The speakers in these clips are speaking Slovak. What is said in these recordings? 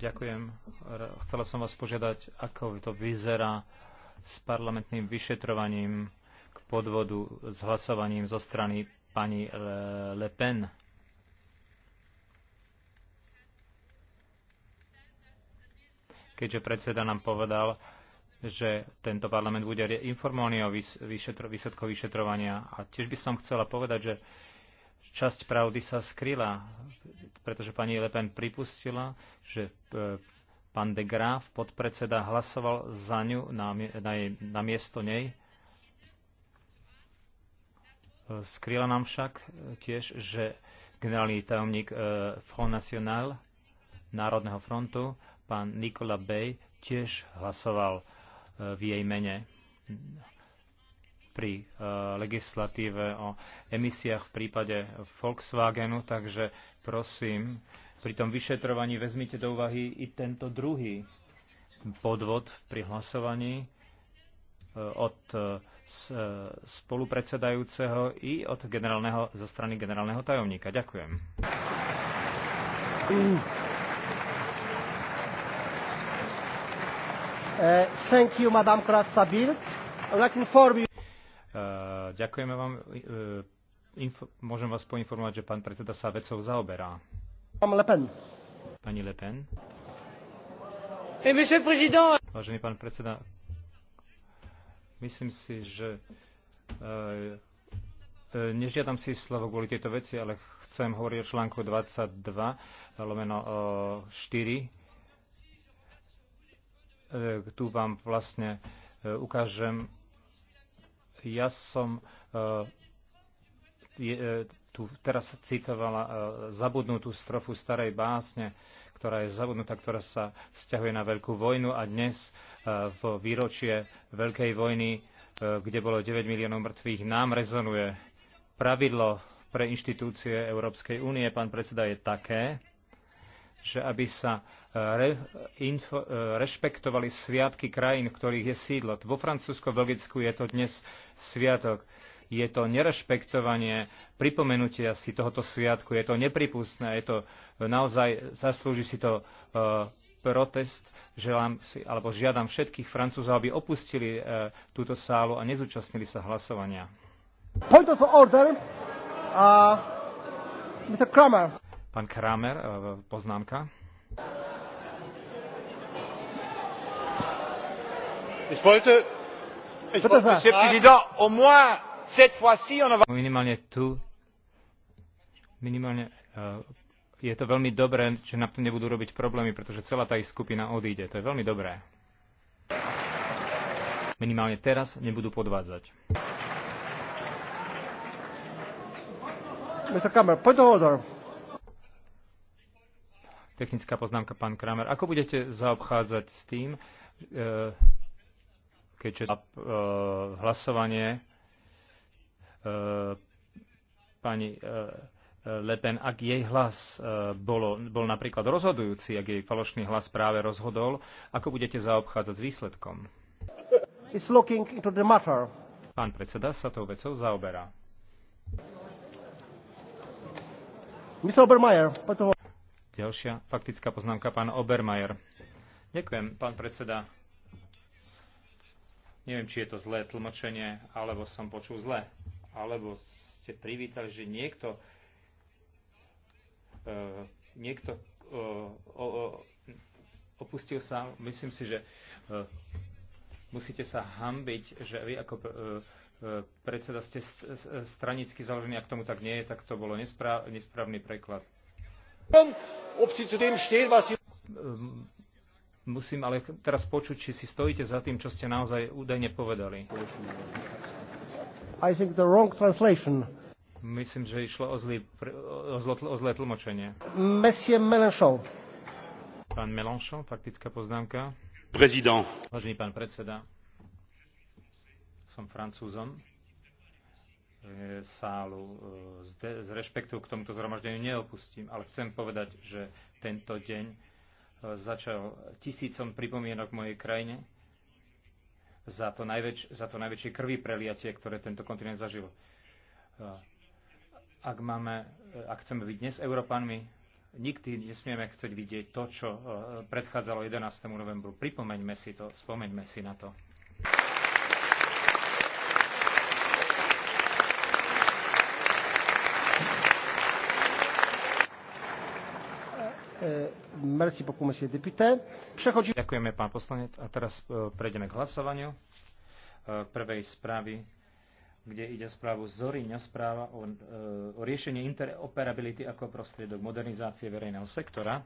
Ďakujem. Chcela som vás požiadať, ako to vyzerá s parlamentným vyšetrovaním k podvodu s hlasovaním zo strany pani Le Pen. Keďže predseda nám povedal, že tento parlament bude informovaný o výsledku vyšetrovania. A tiež by som chcela povedať, že časť pravdy sa skryla, pretože pani Le Pen pripustila, že e, pán de Graaf, podpredseda, hlasoval za ňu na, na, jej, na miesto nej. E, skryla nám však e, tiež, že generálny tajomník Front National, Národného frontu, pán Nikola Bey, tiež hlasoval v jej mene pri e, legislatíve o emisiách v prípade Volkswagenu, takže prosím, pri tom vyšetrovaní vezmite do úvahy i tento druhý podvod pri hlasovaní e, od e, spolupredsedajúceho i od generálneho, zo strany generálneho tajomníka. Ďakujem. Uh. thank you, Madame kratza I would like to inform you Ďakujeme vám. E, info, môžem vás poinformovať, že pán predseda sa vecou zaoberá. Pán Le Pen. Pani Le Pen. Hey, Vážený pán predseda, myslím si, že e, e, nežiadam si slovo kvôli tejto veci, ale chcem hovoriť o článku 22, lomeno 4. E, tu vám vlastne ukážem ja som eh, je, eh, tu teraz citovala eh, zabudnutú strofu starej básne, ktorá je zabudnutá, ktorá sa vzťahuje na Veľkú vojnu a dnes v výročie Veľkej vojny, kde bolo 9 miliónov mŕtvych, nám rezonuje pravidlo pre inštitúcie Európskej únie, pán predseda, je také, že aby sa e, re, info, e, rešpektovali sviatky krajín, v ktorých je sídlo. Vo Francúzsko-Belgicku je to dnes sviatok. Je to nerešpektovanie pripomenutia si tohoto sviatku. Je to nepripustné. Je to e, naozaj, zaslúži si to uh, protest. Želám si, alebo žiadam všetkých Francúzov, aby opustili uh, túto sálu a nezúčastnili sa hlasovania. Point of order. Uh, Mr. Kramer. Pán Kramer, e, poznámka. Oh, minimálne tu, minimálne uh, je to veľmi dobré, že na to nebudú robiť problémy, pretože celá tá ich skupina odíde. To je veľmi dobré. Minimálne teraz nebudú podvádzať. Mr. Kramer, point of order. Technická poznámka, pán Kramer. Ako budete zaobchádzať s tým, e, keďže e, hlasovanie e, pani Le Pen, ak jej hlas bolo, bol napríklad rozhodujúci, ak jej falošný hlas práve rozhodol, ako budete zaobchádzať s výsledkom? Pán predseda sa tou vecou zaoberá. Mr. Obermeyer, Ďalšia faktická poznámka, pán Obermajer. Ďakujem, pán predseda. Neviem, či je to zlé tlmočenie, alebo som počul zle. Alebo ste privítali, že niekto, uh, niekto uh, o, opustil sa. Myslím si, že uh, musíte sa hambiť, že vy ako uh, predseda ste stranicky založený, ak tomu tak nie je, tak to bolo nesprávny preklad. Hm, ehm, musím ale teraz počuť, či si stojíte za tým, čo ste naozaj údajne povedali. I think the wrong translation. Myslím, že išlo o, zlý, o, zlo, o zlé tlmočenie. Monsieur Mélenchon. Pán Mélenchon, faktická poznámka. Prezident. Vážený pán predseda, som francúzom. E, sálu e, z rešpektu k tomuto zhromaždeniu neopustím, ale chcem povedať, že tento deň e, začal tisícom pripomienok mojej krajine za to, najväč- za to najväčšie krvi preliatie, ktoré tento kontinent zažil. Ak, máme, ak chceme byť dnes Európanmi, nikdy nesmieme chcieť vidieť to, čo predchádzalo 11. novembru. Pripomeňme si to, spomeňme si na to. Merci beaucoup, monsieur député. Ďakujeme, pán poslanec. A teraz e, prejdeme k hlasovaniu e, prvej správy, kde ide správu Zoriňa, správa o, e, o riešení interoperability ako prostriedok modernizácie verejného sektora.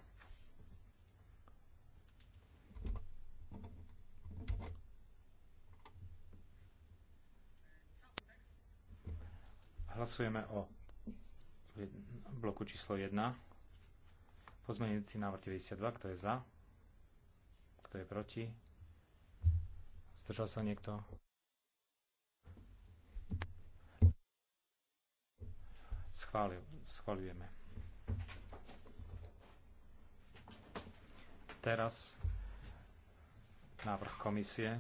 Hlasujeme o bloku číslo 1 pozmeňujúci návrh 92, kto je za? Kto je proti? Zdržal sa niekto? Schválil, schváľujeme. Teraz návrh komisie.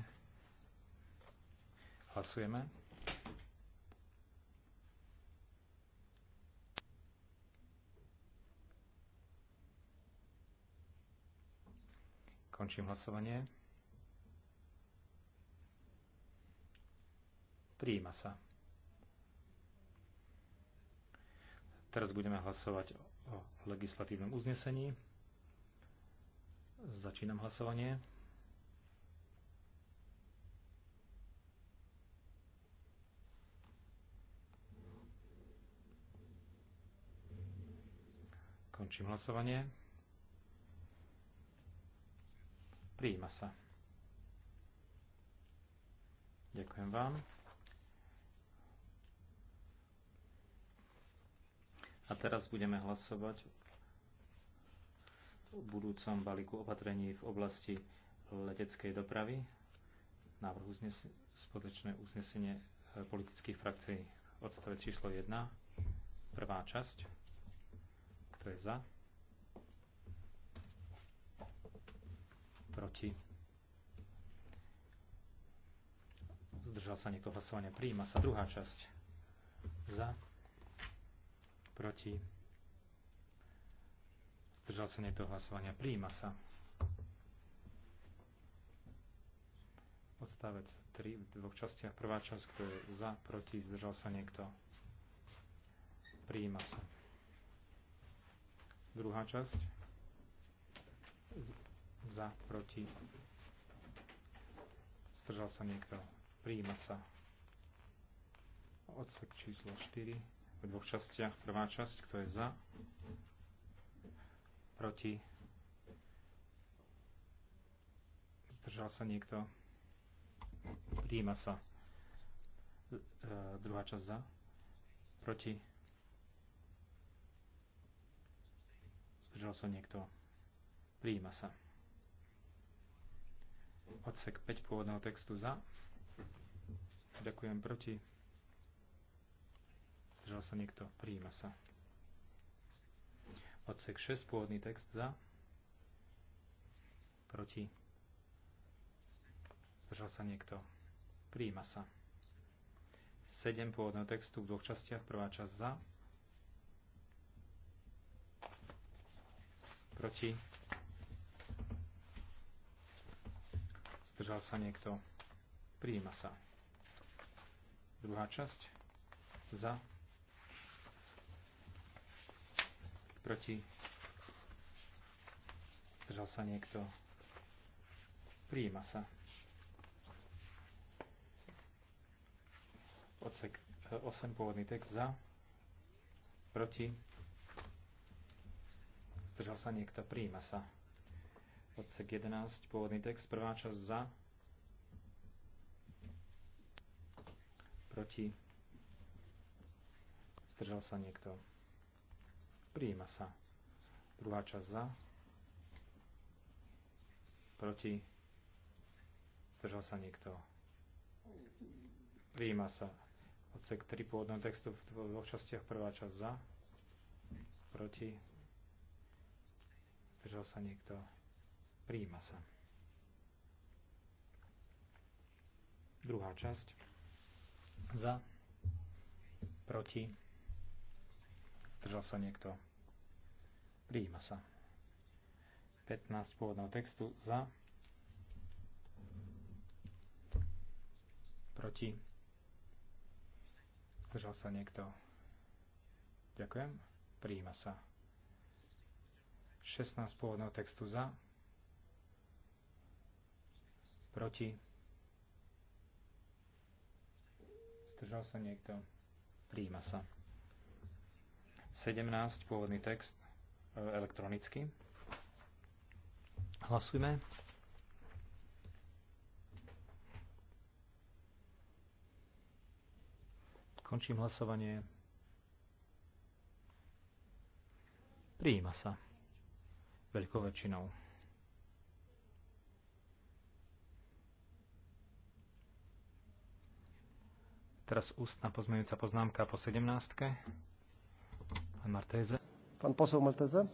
Hlasujeme. Končím hlasovanie. Prijíma sa. Teraz budeme hlasovať o legislatívnom uznesení. Začínam hlasovanie. Končím hlasovanie. Prijíma sa. Ďakujem vám. A teraz budeme hlasovať o budúcom balíku opatrení v oblasti leteckej dopravy. Návrh uznesenie, spoločné uznesenie e, politických frakcií odstavec číslo 1, prvá časť. Kto je za? proti. Zdržal sa niekto hlasovania. Prijíma sa druhá časť. Za, proti. Zdržal sa niekto hlasovania. Prijíma sa. Odstavec 3 v dvoch častiach. Prvá časť, kto je za, proti, zdržal sa niekto. Prijíma sa. Druhá časť za, proti, zdržal sa niekto, Príjima sa. Odsek číslo 4 v dvoch častiach. Prvá časť, kto je za, proti, zdržal sa niekto, Príjima sa. E, druhá časť za, proti, zdržal sa niekto, Príjima sa. Odsek 5 pôvodného textu za. Ďakujem proti. Zdržal sa niekto. Prijíma sa. Odsek 6 pôvodný text za. Proti. Zdržal sa niekto. Prijíma sa. 7 pôvodného textu v dvoch častiach. Prvá časť za. Proti Zdržal sa niekto? Prijíma sa. Druhá časť. Za. Proti. Zdržal sa niekto? Prijíma sa. Odsek 8 eh, pôvodný text za. Proti. Zdržal sa niekto? Prijíma sa. Odsek 11, pôvodný text, prvá časť za, proti, zdržal sa niekto. Prijíma sa. Druhá časť za, proti, zdržal sa niekto. Prijíma sa. Odsek 3 pôvodného textu v dvoch častiach, prvá časť za, proti, zdržal sa niekto Príjima sa. Druhá časť. Za. Proti. Zdržal sa niekto. Príjima sa. 15 pôvodného textu. Za. Proti. Zdržal sa niekto. Ďakujem. Príjima sa. 16 pôvodného textu za proti, zdržal sa niekto, príjima sa. 17, pôvodný text, e, elektronicky. Hlasujme. Končím hlasovanie. Prijíma sa. Veľkou väčšinou. Teraz ústna pozmeňujúca poznámka po 17. Pán Martéze. Pán posol Maltéze.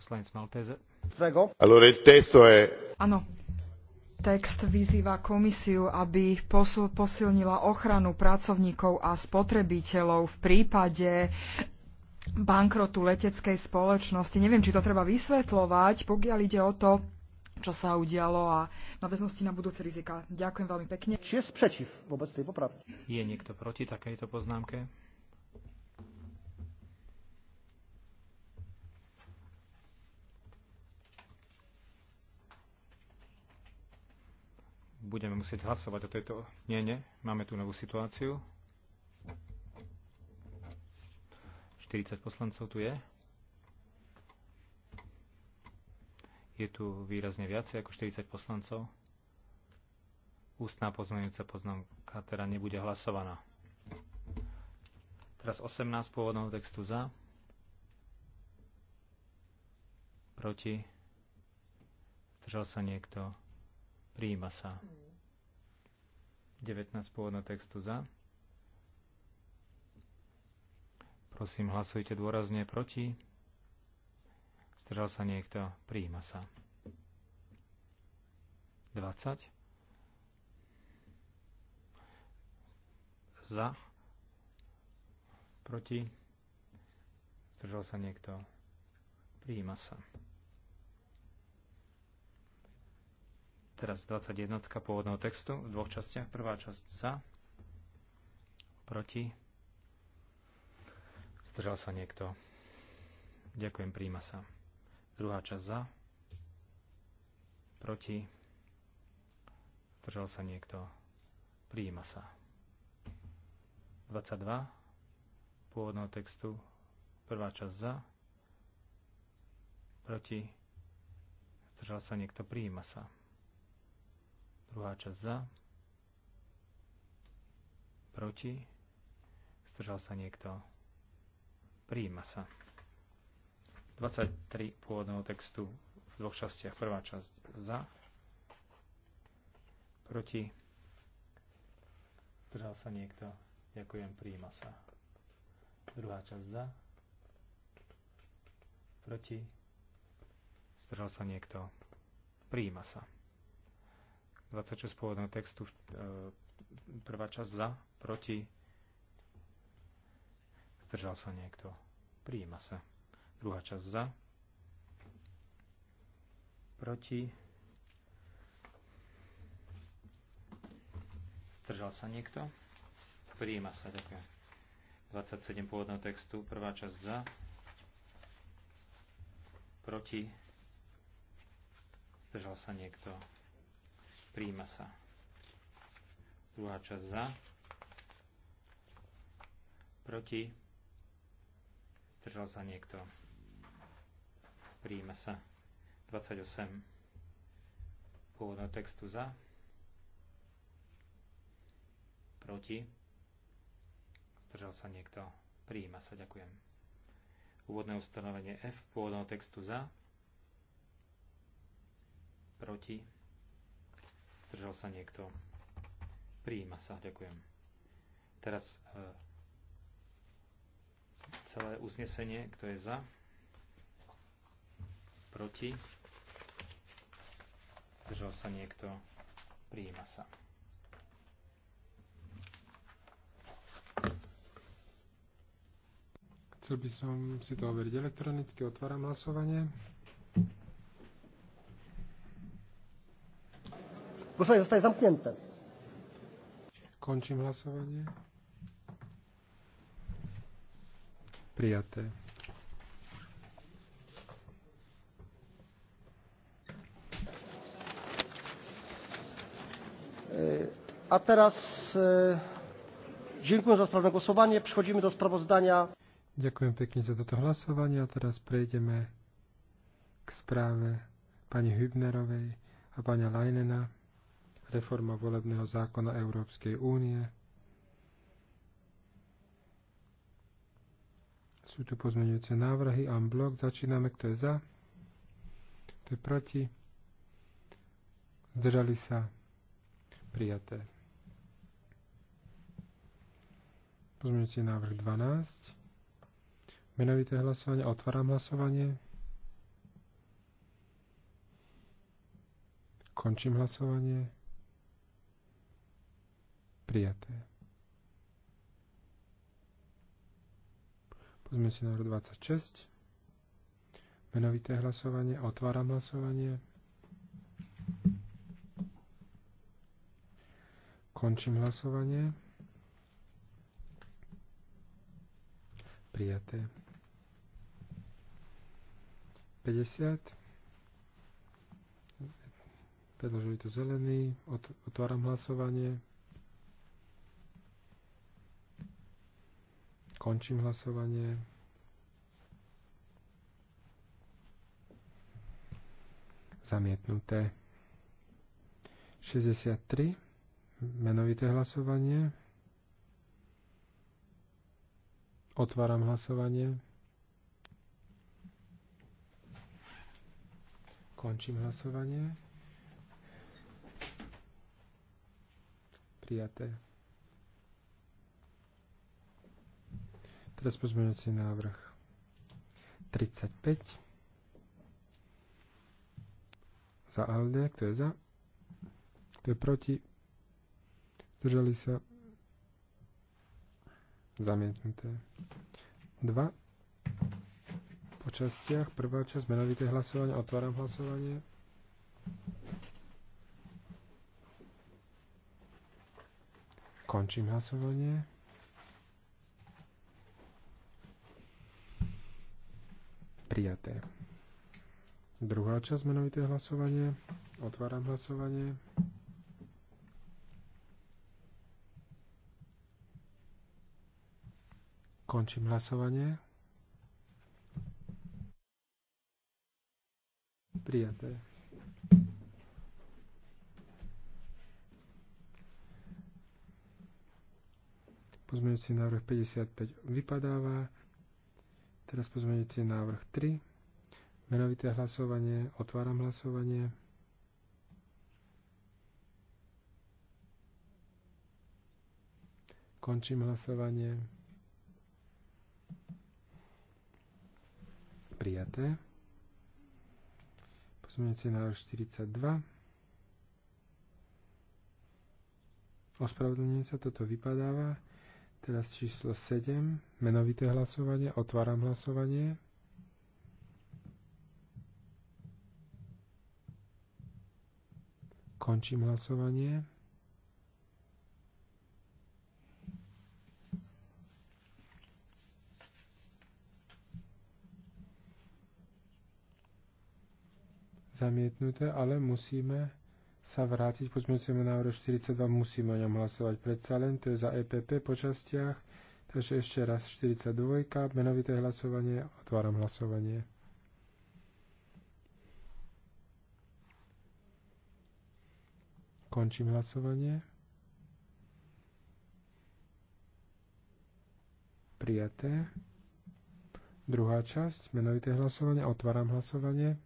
Poslanec Maltéze. Prego. Allora il testo è... Áno, Text vyzýva komisiu, aby posilnila ochranu pracovníkov a spotrebiteľov v prípade bankrotu leteckej spoločnosti. Neviem, či to treba vysvetľovať, pokiaľ ide o to, čo sa udialo a väznosti na budúce rizika. Ďakujem veľmi pekne. Či je sprečiv vôbec tej popravky? Je niekto proti takejto poznámke? budeme musieť hlasovať o tejto... Nie, nie, máme tu novú situáciu. 40 poslancov tu je. Je tu výrazne viacej ako 40 poslancov. Ústná pozmeňujúca poznámka teda nebude hlasovaná. Teraz 18 pôvodného textu za. Proti. Zdržal sa niekto. Prijíma sa. 19 pôvodného textu za. Prosím, hlasujte dôrazne proti. Zdržal sa niekto? Prijíma sa. 20. Za. Proti. Zdržal sa niekto? Prijíma sa. Teraz 21. pôvodného textu v dvoch častiach. Prvá časť za. Proti. Zdržal sa niekto? Ďakujem, príjma sa. Druhá časť za. Proti. Zdržal sa niekto. Prijíma sa. 22 pôvodného textu. Prvá časť za. Proti. Zdržal sa niekto. Prijíma sa. Druhá časť za. Proti. Zdržal sa niekto. Prijíma sa. 23 pôvodného textu v dvoch častiach. Prvá časť za, proti, zdržal sa niekto, ďakujem, príjima sa. Druhá časť za, proti, zdržal sa niekto, príjima sa. 26 pôvodného textu, e, prvá časť za, proti, zdržal sa niekto, príjima sa. Druhá časť za. Proti. Zdržal sa niekto? príjima sa, ďakujem. 27 pôvodného textu, prvá časť za. Proti. Zdržal sa niekto? príjima sa. Druhá časť za. Proti. Zdržal sa niekto? príjme sa 28 pôvodného textu za, proti, zdržal sa niekto, príjme sa, ďakujem. Úvodné ustanovenie F pôvodného textu za, proti, zdržal sa niekto, príjme sa, ďakujem. Teraz e, celé uznesenie, kto je za, proti, zdržal sa niekto, prijíma sa. Chcel by som si to overiť elektronicky, otváram hlasovanie. Głosowanie zostaje zamknuté. Končím hlasovanie. Prijaté. A teraz e, dziękuję za sprawne głosowanie. Przechodzimy do sprawozdania. Ďakujem pekne za toto hlasovanie a teraz prejdeme k správe pani Hübnerovej a pani Leinena reforma volebného zákona Európskej únie. Sú tu pozmeňujúce návrhy. En blok. Začíname. Kto je za? Kto je proti? Zdržali sa? Prijaté. Pozmeňujúci návrh 12. Menovité hlasovanie. Otváram hlasovanie. Končím hlasovanie. Prijaté. Pozmeňujúci návrh 26. Menovité hlasovanie. Otváram hlasovanie. Končím hlasovanie. prijaté. 50. Predložili tu zelený. Otváram hlasovanie. Končím hlasovanie. Zamietnuté. 63. Menovité hlasovanie. Otváram hlasovanie. Končím hlasovanie. Prijaté. Teraz pozmeňujúci návrh 35. Za ALD, kto je za? Kto je proti? Zdržali sa Zamietnuté. 2. Po častiach. Prvá časť. Menovité hlasovanie. Otváram hlasovanie. Končím hlasovanie. Prijaté. Druhá časť menovité hlasovanie. Otváram hlasovanie. Končím hlasovanie. Prijaté. Pozmeňujúci návrh 55 vypadáva. Teraz pozmeňujúci návrh 3. Menovité hlasovanie. Otváram hlasovanie. Končím hlasovanie. prijaté. si návrh 42. Ospravedlňujem sa, toto vypadáva. Teraz číslo 7, menovité hlasovanie, otváram hlasovanie. Končím hlasovanie. zamietnuté, ale musíme sa vrátiť pozmeňujúcemu návrhu 42, musíme o ňom hlasovať predsa len, to je za EPP po častiach, takže ešte raz 42, menovité hlasovanie, otváram hlasovanie. Končím hlasovanie. Prijaté. Druhá časť, menovité hlasovanie, otváram hlasovanie.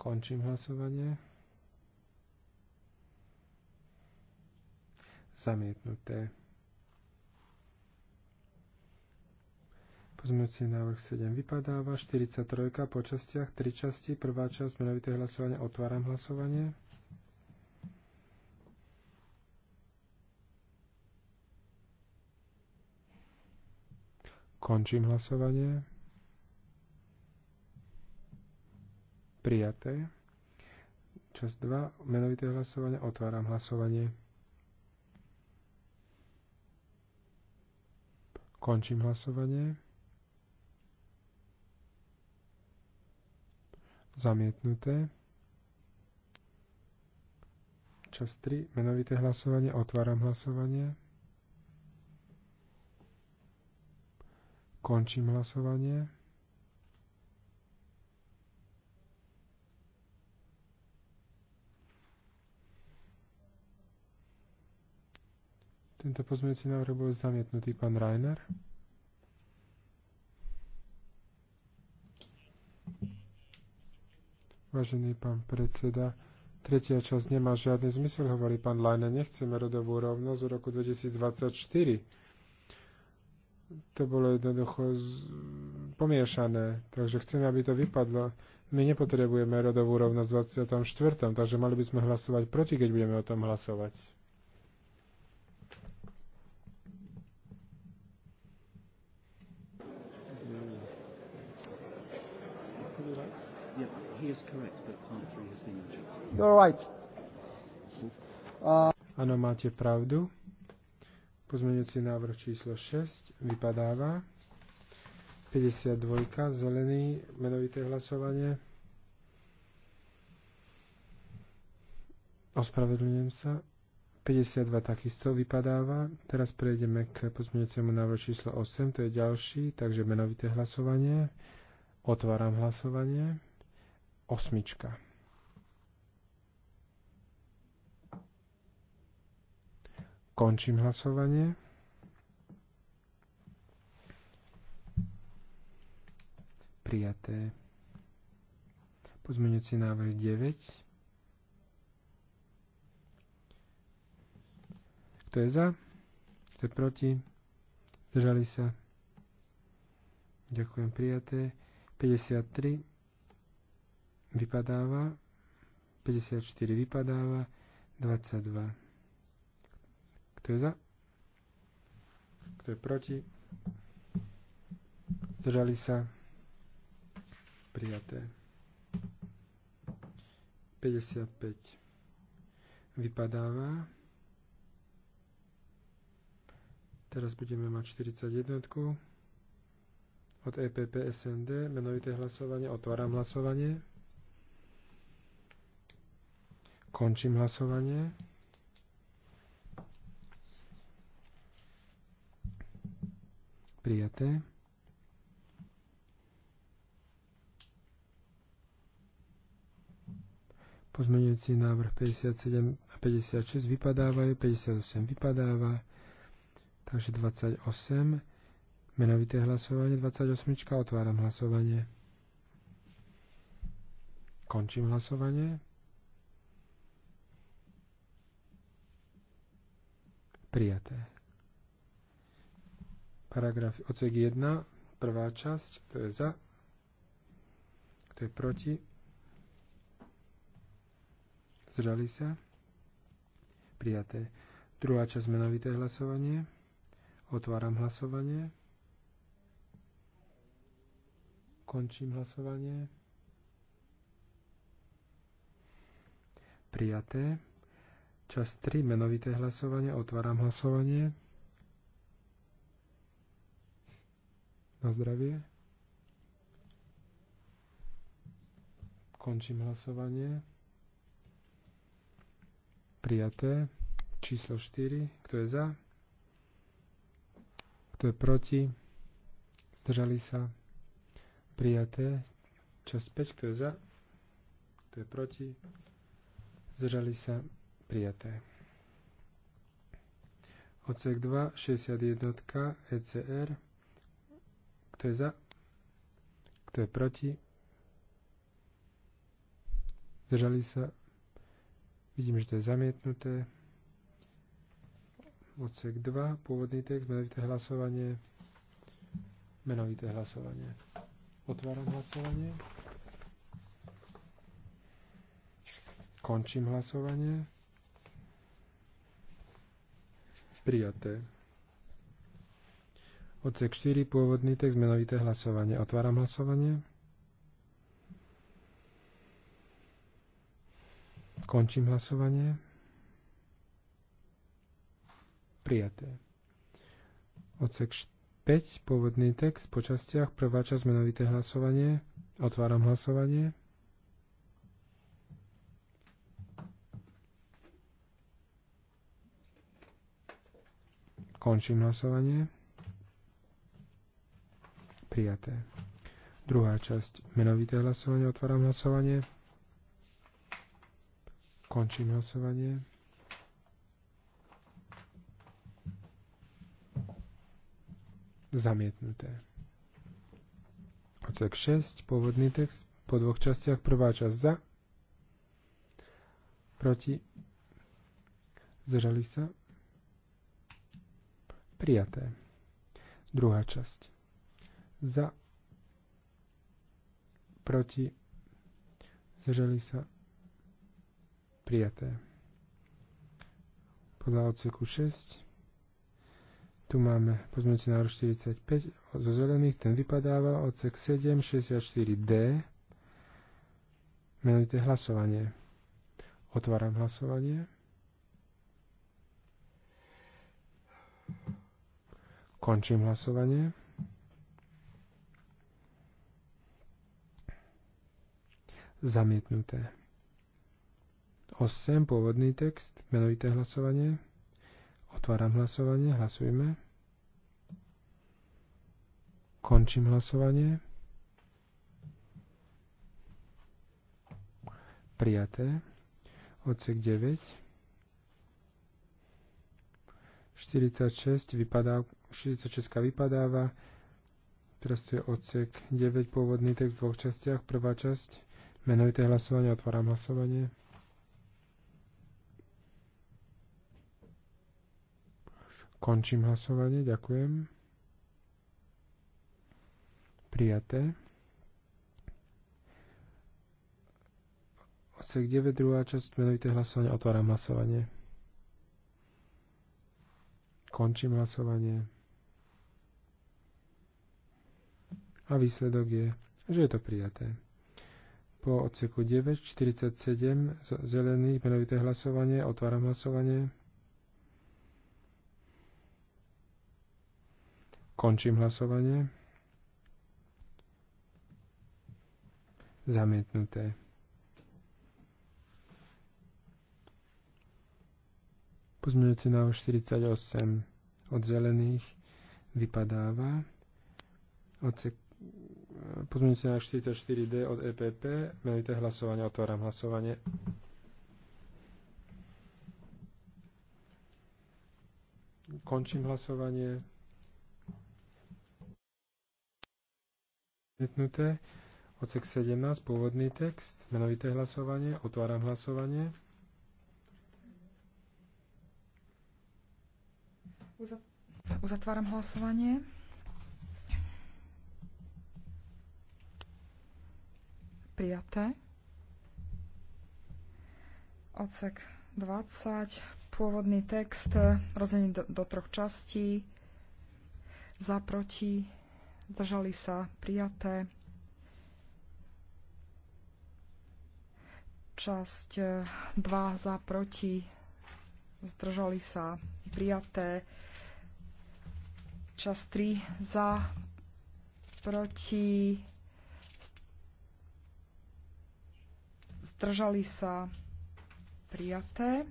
Končím hlasovanie. Zamietnuté. Pozmeňujúci návrh 7 vypadáva. 43 po častiach, 3 časti. Prvá časť, menovité hlasovanie. Otváram hlasovanie. Končím hlasovanie. Prijaté. Čas 2. Menovité hlasovanie. Otváram hlasovanie. Končím hlasovanie. Zamietnuté. Čas 3. Menovité hlasovanie. Otváram hlasovanie. Končím hlasovanie. Tento pozmeňujúci návrh bol zamietnutý. Pán Rainer. Vážený pán predseda, tretia časť nemá žiadny zmysel, hovorí pán Lajne. Nechceme rodovú rovnosť v roku 2024. To bolo jednoducho z... pomiešané, takže chceme, aby to vypadlo. My nepotrebujeme rodovú rovnosť v 24. Takže mali by sme hlasovať proti, keď budeme o tom hlasovať. is correct, but part three has been rejected. You're right. Uh... máte pravdu. Pozmeňujúci návrh číslo 6 vypadáva. 52, zelený, menovité hlasovanie. Ospravedlňujem sa. 52 takisto vypadáva. Teraz prejdeme k pozmeňujúcemu návrhu číslo 8, to je ďalší, takže menovité hlasovanie. Otváram hlasovanie osmička. Končím hlasovanie. Prijaté. Pozmeňujúci návrh 9. Kto je za? Kto je proti? Zdržali sa? Ďakujem, prijaté. 53 vypadáva, 54 vypadáva, 22. Kto je za? Kto je proti? Zdržali sa? Prijaté. 55 vypadáva. Teraz budeme mať 41 od EPP SND, menovité hlasovanie, otváram hlasovanie. Končím hlasovanie. Prijaté. Pozmeňujúci návrh 57 a 56 vypadávajú, 58 vypadáva, takže 28. Menovité hlasovanie, 28. Otváram hlasovanie. Končím hlasovanie. Prijaté. Paragraf odsek 1, prvá časť, Kto je za, Kto je proti, zdržali sa, prijaté. Druhá časť menovité hlasovanie, otváram hlasovanie, končím hlasovanie, prijaté. Čas 3, menovité hlasovanie. Otváram hlasovanie. Na zdravie. Končím hlasovanie. Prijaté. Číslo 4. Kto je za? Kto je proti? Zdržali sa? Prijaté. Čas 5. Kto je za? Kto je proti? Zdržali sa? prijaté. Odsek 2, 61, ECR. Kto je za? Kto je proti? Zdržali sa? Vidím, že to je zamietnuté. Odsek 2, pôvodný text, menovité hlasovanie. Menovité hlasovanie. Otváram hlasovanie. Končím hlasovanie. prijaté. Odsek 4, pôvodný text, menovité hlasovanie. Otváram hlasovanie. Končím hlasovanie. Prijaté. Odsek 5, pôvodný text, po častiach, prvá časť, menovité hlasovanie. Otváram hlasovanie. Končím hlasovanie. Prijaté. Druhá časť. Menovité hlasovanie. Otváram hlasovanie. Končím hlasovanie. Zamietnuté. Odsek 6, pôvodný text, po dvoch častiach. Prvá časť za, proti, zdržali sa, Prijaté. Druhá časť. Za. Proti. zažali sa. Prijaté. Podľa odseku 6. Tu máme pozmeňujúci návrh 45 zo zelených, ten vypadáva odsek 7, 64D. Menujte hlasovanie. Otváram hlasovanie. Končím hlasovanie. Zamietnuté. 8. Pôvodný text. Menovité hlasovanie. Otváram hlasovanie. Hlasujeme. Končím hlasovanie. Prijaté. Odsek 9. 46 vypadá 46 vypadáva. Teraz tu je odsek 9, pôvodný text v dvoch častiach. Prvá časť, menovité hlasovanie, otváram hlasovanie. Končím hlasovanie, ďakujem. Prijaté. Odsek 9, druhá časť, menovité hlasovanie, otváram hlasovanie. Končím hlasovanie. A výsledok je, že je to prijaté. Po odseku 9.47 zelený menovité hlasovanie, otváram hlasovanie. Končím hlasovanie. Zamietnuté. Pozmeňujúci na 48 od zelených vypadáva. Odsek pozmeňujúci na 44D od EPP, menovité hlasovanie, otváram hlasovanie. Končím hlasovanie. Zamietnuté. Odsek 17, pôvodný text, menovité hlasovanie, otváram hlasovanie. Uzatváram hlasovanie. prijaté. Odsek 20, pôvodný text, rozdelený do, do troch častí, Zaproti, Držali zdržali sa, prijaté. Časť 2, za, proti, zdržali sa, prijaté. Časť 3, e, za, proti, zdržali sa prijaté.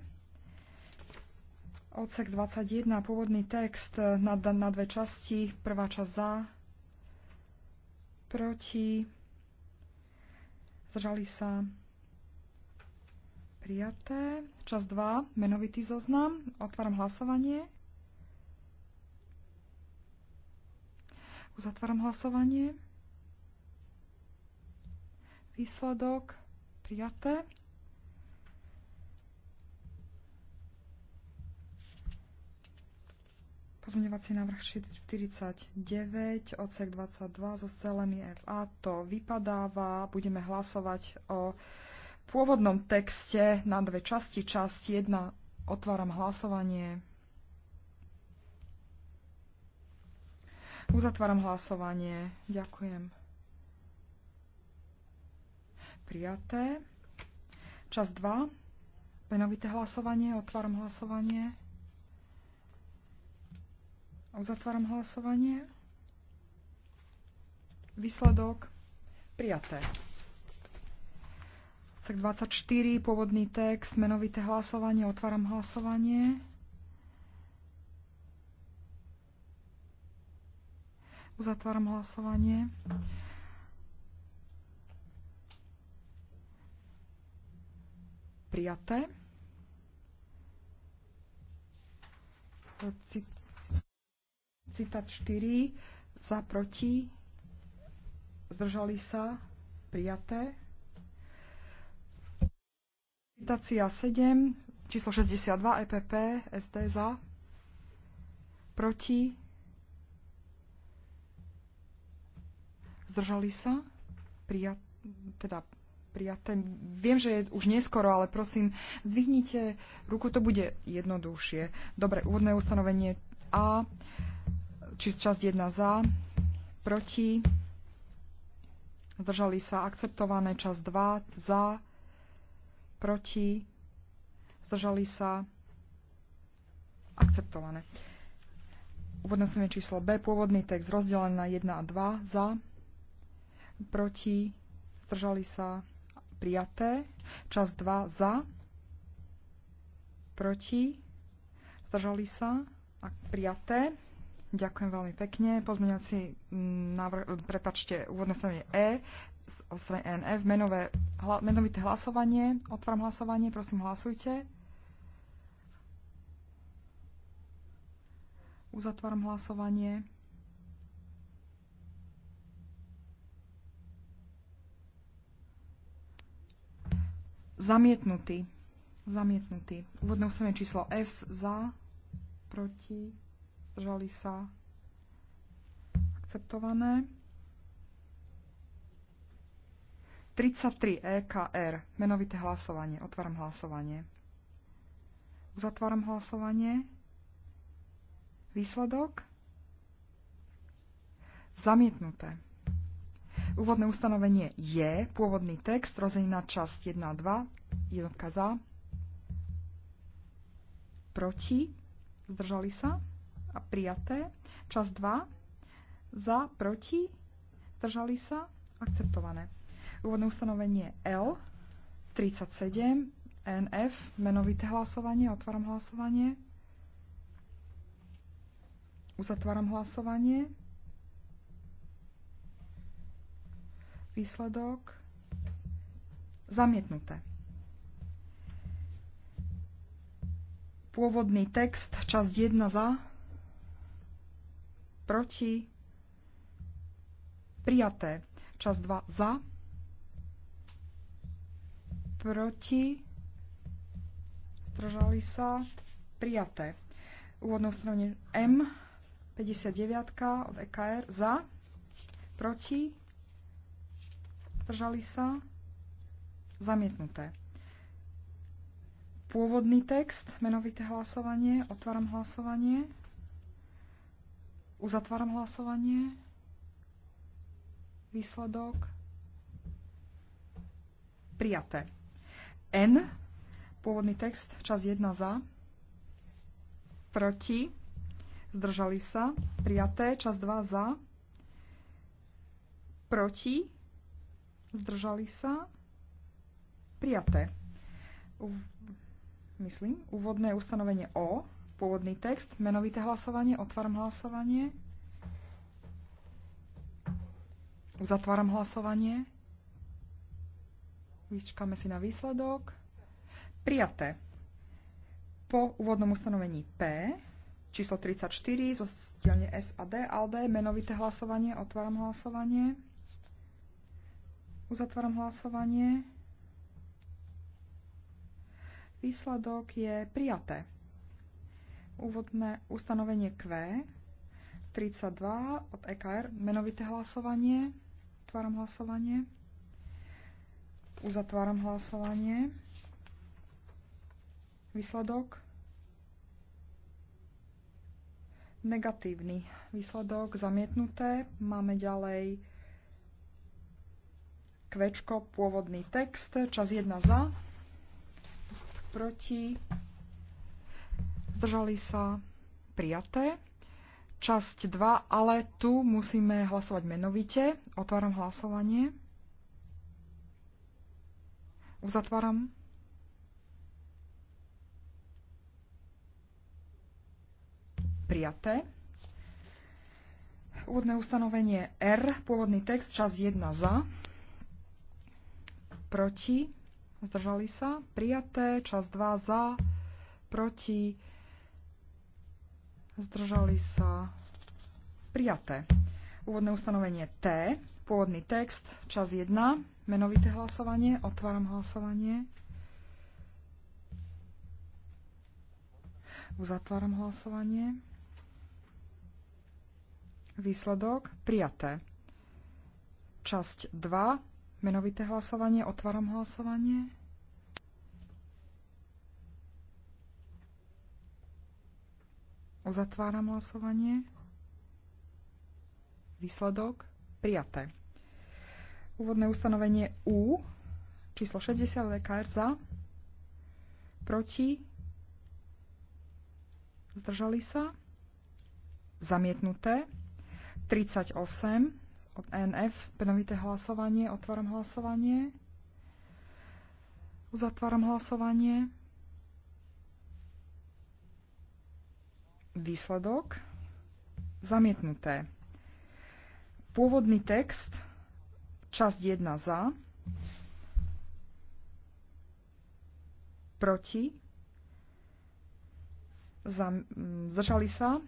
Odsek 21, pôvodný text na, na dve časti. Prvá časť za, proti, zdržali sa prijaté. Čas 2, menovitý zoznam. Otváram hlasovanie. Uzatváram hlasovanie. Výsledok prijaté. Pozmeňovací návrh 49, odsek 22 zo celými FA to vypadáva. Budeme hlasovať o pôvodnom texte na dve časti. Časť 1 otváram hlasovanie. Uzatváram hlasovanie. Ďakujem prijaté. Čas 2. Menovité hlasovanie. Otváram hlasovanie. Uzatváram hlasovanie. Výsledok prijaté. Cek 24, pôvodný text, menovité hlasovanie, otváram hlasovanie. Uzatváram hlasovanie. prijaté. Citát 4 za proti zdržali sa prijaté. Citácia 7 číslo 62 EPP SD za proti zdržali sa prijaté teda prijaté. Viem, že je už neskoro, ale prosím, dvihnite ruku, to bude jednoduchšie. Dobre, úvodné ustanovenie A, či časť 1 za, proti, zdržali sa akceptované, časť 2 za, proti, zdržali sa akceptované. Úvodné ustanovenie číslo B, pôvodný text rozdelený na 1 a 2 za, proti, zdržali sa prijaté. Čas 2 za, proti, zdržali sa, a prijaté. Ďakujem veľmi pekne. Pozmeňovací mm, návrh, prepačte, úvodné strane E, o e NF, menové, hla, menovité hlasovanie. Otváram hlasovanie, prosím, hlasujte. Uzatváram hlasovanie. Zamietnutý. Zamietnutý. Úvodné ústavné číslo F za, proti, zdržali sa, akceptované. 33 EKR, menovité hlasovanie. Otváram hlasovanie. Uzatváram hlasovanie. Výsledok? Zamietnuté úvodné ustanovenie je pôvodný text, rozdelený na časť 1 a 2, jednotka za, proti, zdržali sa a prijaté. Časť 2, za, proti, zdržali sa, akceptované. Úvodné ustanovenie L, 37, NF, menovité hlasovanie, otváram hlasovanie, uzatváram hlasovanie, Výsledok. Zamietnuté. Pôvodný text, časť 1 za, proti, prijaté, časť 2 za, proti, zdržali sa, prijaté. Úvodnou strane M, 59 od EKR, za, proti, zdržali sa, zamietnuté. Pôvodný text, menovité hlasovanie, otváram hlasovanie, uzatváram hlasovanie, výsledok, prijaté. N, pôvodný text, čas 1 za, proti, zdržali sa, prijaté, čas 2 za, proti, Zdržali sa? Prijaté. Uv, myslím, úvodné ustanovenie O, pôvodný text, menovité hlasovanie, otváram hlasovanie. Uzatváram hlasovanie. Vyčkáme si na výsledok. Prijaté. Po úvodnom ustanovení P, číslo 34, zo dielne D ALD, menovité hlasovanie, otváram hlasovanie. Uzatváram hlasovanie. Výsledok je prijaté. Úvodné ustanovenie Q 32 od EKR, menovité hlasovanie. Otváram hlasovanie. Uzatváram hlasovanie. Výsledok. Negatívny výsledok, zamietnuté. Máme ďalej Kvečko, pôvodný text, čas 1 za, proti, zdržali sa, prijaté. Časť 2, ale tu musíme hlasovať menovite. Otváram hlasovanie. Uzatváram. Prijaté. Úvodné ustanovenie R, pôvodný text, čas 1 za proti, zdržali sa, prijaté, čas 2 za, proti, zdržali sa, prijaté. Úvodné ustanovenie T, pôvodný text, čas 1, menovité hlasovanie, otváram hlasovanie. Uzatváram hlasovanie. Výsledok prijaté. Časť 2, Menovité hlasovanie, otváram hlasovanie. Uzatváram hlasovanie. Výsledok prijaté. Úvodné ustanovenie U, číslo 60 lekár za, proti, zdržali sa, zamietnuté, 38 od NF, penovité hlasovanie, otváram hlasovanie, uzatváram hlasovanie, výsledok, zamietnuté. Pôvodný text, časť 1 za, proti, za, mm, zdržali sa,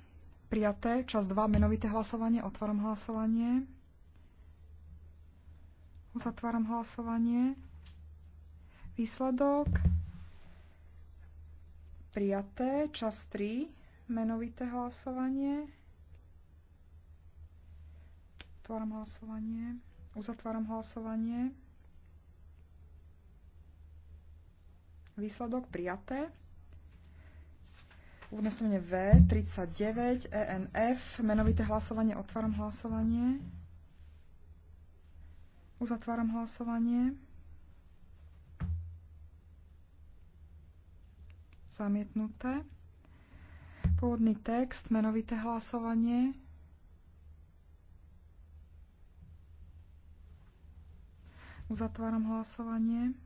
prijaté, časť 2 menovité hlasovanie, otváram hlasovanie. Zatváram hlasovanie. Výsledok. Prijaté. Čas 3. Menovité hlasovanie. Otváram hlasovanie. Uzatváram hlasovanie. Výsledok prijaté. Úvodné V, 39, ENF, menovité hlasovanie, otváram hlasovanie. Uzatváram hlasovanie. Zamietnuté. Pôvodný text, menovité hlasovanie. Uzatváram hlasovanie.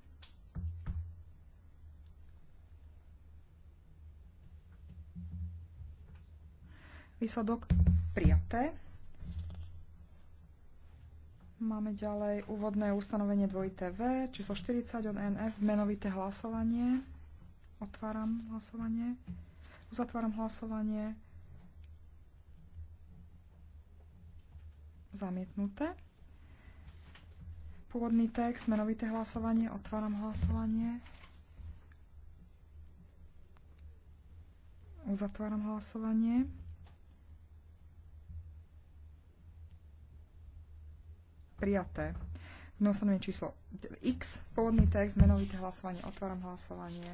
Výsledok prijaté. Máme ďalej úvodné ustanovenie 2TV, číslo 40 od NF, menovité hlasovanie. Otváram hlasovanie. Uzatváram hlasovanie. Zamietnuté. Pôvodný text, menovité hlasovanie. Otváram hlasovanie. Uzatváram hlasovanie. prijaté. No číslo X, pôvodný text, menovité hlasovanie, otváram hlasovanie.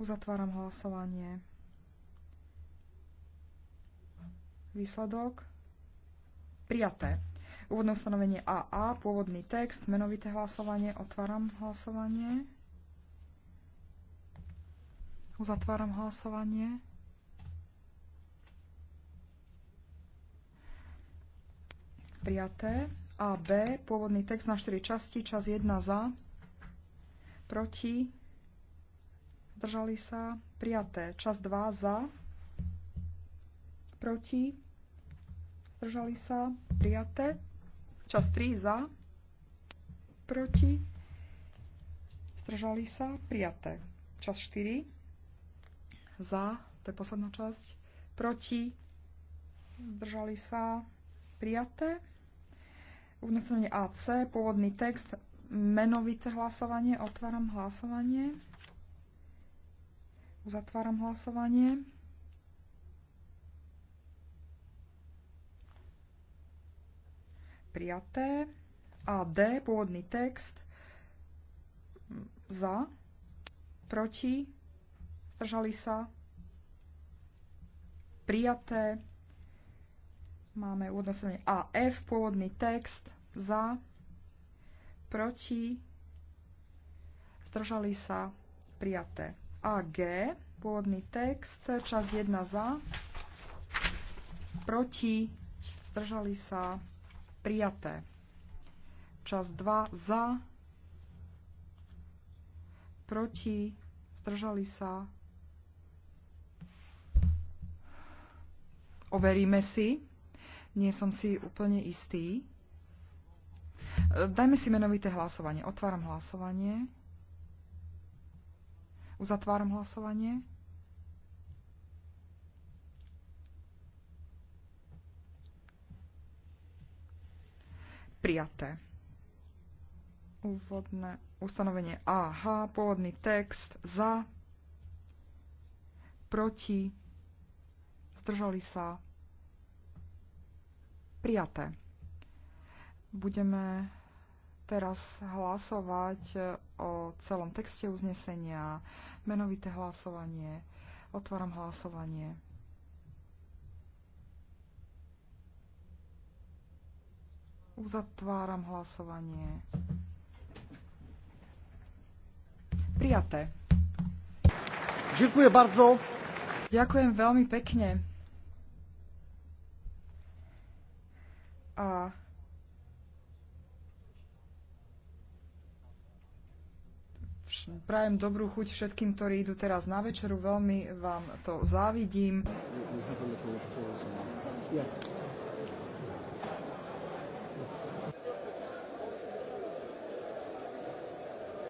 Uzatváram hlasovanie. Výsledok. Prijaté. Úvodné ustanovenie AA, pôvodný text, menovité hlasovanie, otváram hlasovanie. Uzatváram hlasovanie. prijaté. A B, pôvodný text na 4 časti, čas 1 za, proti, zdržali sa, prijaté. Čas 2 za, proti, zdržali sa, prijaté. Čas 3 za, proti, zdržali sa, prijaté. Čas 4 za, to je posledná časť, proti, zdržali sa, prijaté. Uznesenie AC, pôvodný text, menovité hlasovanie, otváram hlasovanie. Uzatváram hlasovanie. Prijaté. A D, pôvodný text, za, proti, zdržali sa, prijaté. Máme uodnostenie AF, pôvodný text, za, proti, zdržali sa, prijaté. G, pôvodný text, časť 1 za, proti, zdržali sa, prijaté. Časť 2 za, proti, zdržali sa. Overíme si. Nie som si úplne istý. Dajme si menovité hlasovanie. Otváram hlasovanie. Uzatváram hlasovanie. Prijaté. Úvodné ustanovenie AH, pôvodný text za, proti, zdržali sa, prijaté. Budeme teraz hlasovať e, o celom texte uznesenia, menovité hlasovanie. Otváram hlasovanie. Uzatváram hlasovanie. Prijaté. Ďakujem bardzo. Ďakujem veľmi pekne. A prajem dobrú chuť všetkým, ktorí idú teraz na večeru. Veľmi vám to závidím. Yeah.